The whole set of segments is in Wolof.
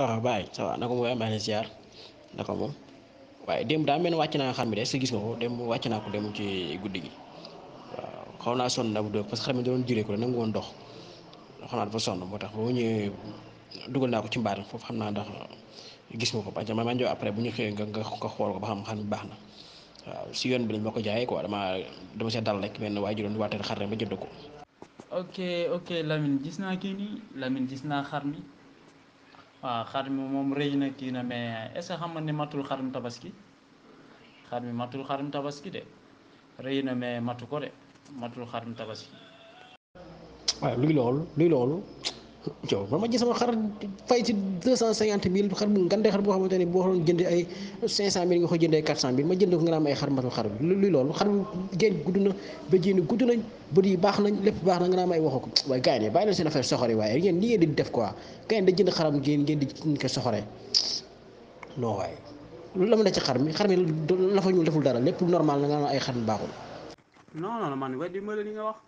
waaw ah, bàyyi ça va naka mooy amee ziar naka moom waaye démb daa mel wàcc naa xam ne est-ce que gis nga ko démb wàcc naa ko démb ci guddi gi waaw xaw naa sonn ab da doon juree ko nangu woon dox xaw naa tax ba mu ñëwee dugal naa ko ci mbaar foofu xam naa ndax gis nga ko parce que man maa ñëw après bu ñu xëyee nga nga xool ko ba xam xam baax na waaw si yoon bi lañ ma ko jaayee ko dama dama see dal rek benn waaye ji doon waateel xar rek ba jënd ko. ok ok Lamine gis naa kii nii Lamine gis naa xar mi. waaw ah, xar mi moom rëy na kii na mais est ce que xam nga matul xarum tabaski xar mi matul xarum tabaski de rëy na mais matu ko de matul xarum tabaski. waaw ah, luy loolu luy loolu. yow man ma xar fay ci deux cent cinquante xamante ne boo waroon jëndee ay cinq cent mille nga ko jëndee quatre cent mille ma jënd ay na ba jénn gudd nañ bët yi baax nañ lépp ko waaye gars yi ne bàyyi leen seen affaire soxore waaye ngeen li ngeen di def quoi yi waaye lu la ma ci xar mi xar mi la fa ñuul deful dara lépp normal na nga am ay xar baaxul non non man weddi ma la li nga wax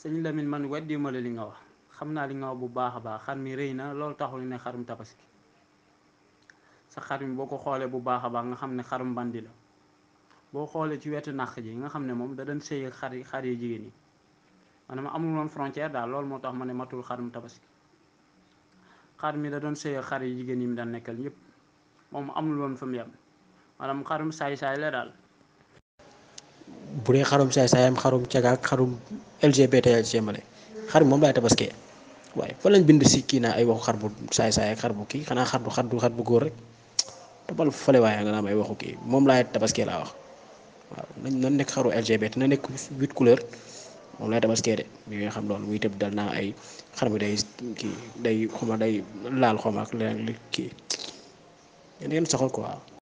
sëñ Lamine man weddi ma li nga wax xam naa li nga wax bu baax a baax xar mi rëy na loolu taxul ne xarum tabaski sa xar mi boo ko xoolee bu baax a baax nga xam ne xarum bandi la boo xoolee ci wetu naq ji nga xam ne moom da doon sëy xar yi xar yi jigéen yi maanaam amul woon frontière daal loolu moo tax ma ne matul xarum tabaski xar mi da doon sëy xar yi jigéen yi mu daan nekkal ñëpp moom mu amul woon fa mu maanaam xarum saay-saay la daal. bu dee xarum saay-saayam xarum cagaak xarum LGBT la ci yemale xar bi moom laay tabaskee waaye fa lañ bind si kii naa ay waxu xar bu saay-saay ak xar bu kii xanaa xar du xar bu góor rek topal fale waaye nga naan ay waxu kii moom laay tabaskee laa wax waaw nañ na nekk xaru LGBT na nekk huit couleur moom laay tabaskee de mi nga loolu muy tëb dal naa ay xar mi day kii day xoma day laal xoma ak leneen li kii yéen saxal quoi